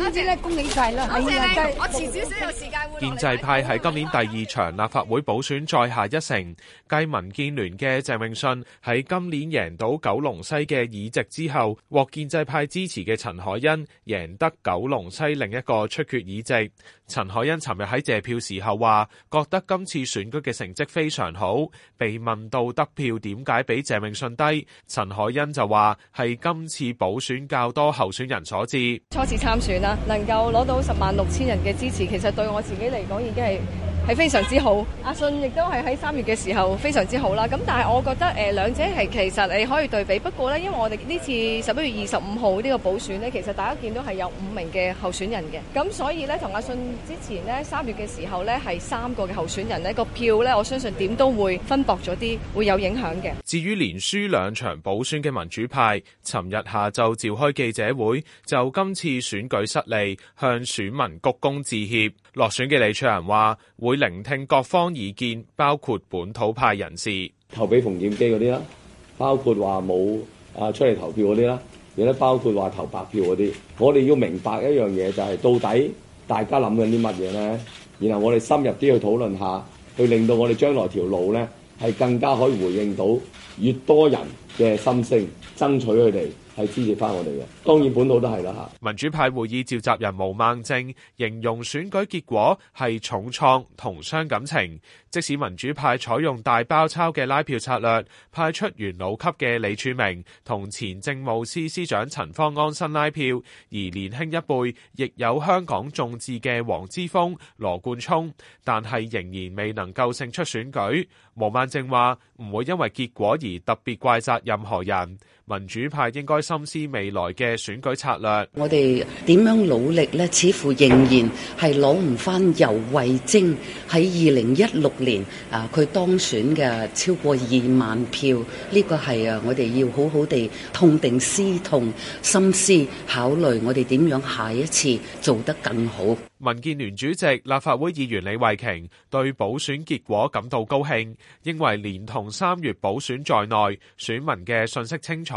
今我遲少少有時間會建制派係今年第二場立法會補選再下一城，繼民建聯嘅鄭永信喺今年贏到九龍西嘅議席之後，獲建制派支持嘅陳凱欣贏得九龍西另一個出缺議席。陳凱欣尋日喺謝票時候話：覺得今次選舉嘅成績非常好。被問到得票點解比鄭永信低，陳凱欣就話係今次補選較多候選人所致。初次參選啦、啊。能夠攞到十萬六千人嘅支持，其實對我自己嚟講已經係。係非常之好，阿信亦都係喺三月嘅時候非常之好啦。咁但係我覺得誒、呃、兩者係其實你可以對比，不過呢，因為我哋呢次十一月二十五號呢個補選呢，其實大家見到係有五名嘅候選人嘅，咁所以呢，同阿信之前呢，三月嘅時候呢，係三個嘅候選人呢個票呢，我相信點都會分薄咗啲，會有影響嘅。至於連輸兩場補選嘅民主派，尋日下晝召開記者會，就今次選舉失利向選民鞠躬致歉。落選嘅李卓人話會聆聽各方意見，包括本土派人士投俾馮檢基嗰啲啦，包括話冇啊，出嚟投票嗰啲啦，亦都包括話投白票嗰啲。我哋要明白一樣嘢就係、是、到底大家諗緊啲乜嘢咧？然後我哋深入啲去討論下，去令到我哋將來條路咧係更加可以回應到越多人嘅心聲，爭取佢哋。係支持翻我哋嘅，當然本土都係啦嚇。民主派會議召集人毛孟靜形容選舉結果係重創同傷感情。即使民主派採用大包抄嘅拉票策略，派出元老級嘅李柱明同前政務司司司長陳方安生拉票，而年輕一輩亦有香港眾志嘅黃之鋒、羅冠聰，但係仍然未能夠勝出選舉。毛孟靜話唔會因為結果而特別怪責任何人。民主派應該深思未來嘅選舉策略。我哋點樣努力呢？似乎仍然係攞唔翻游蕙禎喺二零一六年啊佢當選嘅超過二萬票。呢、這個係啊，我哋要好好地痛定思痛，深思考慮我哋點樣下一次做得更好。民建聯主席、立法會議員李慧瓊對補選結果感到高興。認為連同三月補選在內，選民嘅信息清楚，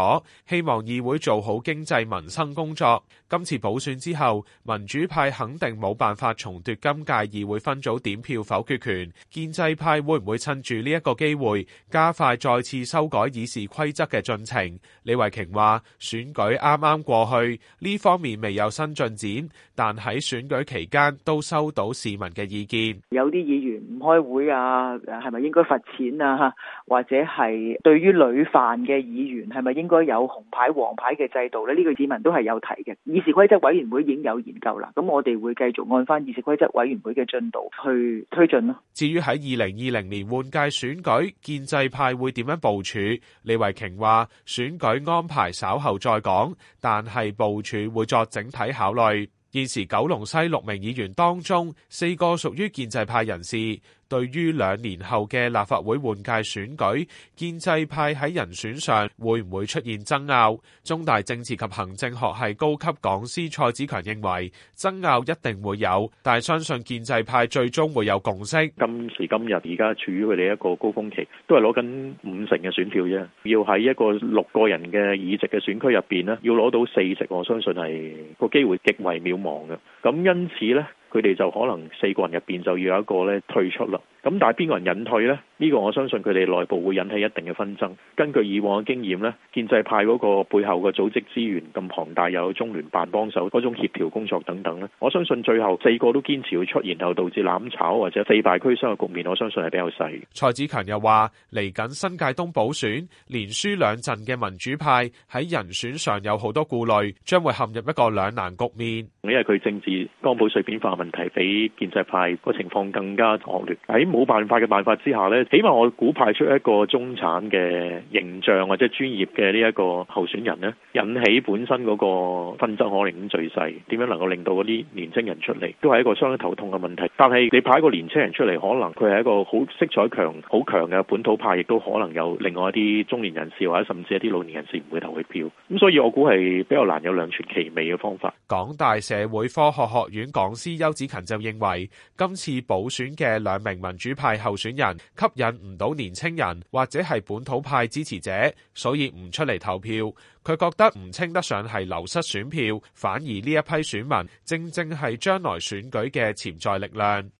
希望議會做好經濟民生工作。今次補選之後，民主派肯定冇辦法重奪今屆議會分組點票否決權，建制派會唔會趁住呢一個機會加快再次修改議事規則嘅進程？李慧瓊話：選舉啱啱過去，呢方面未有新進展，但喺選舉期間都收到市民嘅意見。有啲議員唔開會啊，係咪應該罰？錢啊，或者係對於屢犯嘅議員，係咪應該有紅牌、黃牌嘅制度呢？呢個市民都係有提嘅。議事規則委員會已經有研究啦，咁我哋會繼續按翻議事規則委員會嘅進度去推進咯。至於喺二零二零年換屆選舉，建制派會點樣部署？李慧瓊話：選舉安排稍後再講，但係部署會作整體考慮。現時九龍西六名議員當中，四個屬於建制派人士。對於兩年後嘅立法會換屆選舉，建制派喺人選上會唔會出現爭拗？中大政治及行政學系高級講師蔡子強認為，爭拗一定會有，但係相信建制派最終會有共識。今時今日，而家處於佢哋一個高峰期，都係攞緊五成嘅選票啫。要喺一個六個人嘅議席嘅選區入邊呢，要攞到四席，我相信係個機會極為渺茫嘅。咁因此呢。佢哋就可能四個人入邊就要有一個呢退出啦。咁但係邊個人引退呢？呢、呢個我相信佢哋內部會引起一定嘅紛爭。根據以往嘅經驗呢，建制派嗰個背後嘅組織資源咁龐大，又有中聯辦幫手，嗰種協調工作等等，我相信最後四個都堅持要出現，然後導致攬炒或者四敗俱傷嘅局面，我相信係比較細。蔡子強又話，嚟緊新界東補選連輸兩陣嘅民主派喺人選上有好多顧慮，將會陷入一個兩難局面，因為佢政治光譜碎片化問題比建制派個情況更加惡劣。喺冇辦法嘅辦法之下呢，起碼我估派出一個中產嘅形象或者專業嘅呢一個候選人呢，引起本身嗰個紛爭可能最細。點樣能夠令到嗰啲年青人出嚟，都係一個相當頭痛嘅問題。但係你派一個年青人出嚟，可能佢係一個好色彩強、好強嘅本土派，亦都可能有另外一啲中年人士或者甚至一啲老年人士唔會投佢票。咁所以，我估係比較難有兩全其美嘅方法。港大社會科學學院講師邱子勤就認為，今次補選嘅兩名民主主派候選人吸引唔到年輕人或者係本土派支持者，所以唔出嚟投票。佢覺得唔稱得上係流失選票，反而呢一批選民正正係將來選舉嘅潛在力量。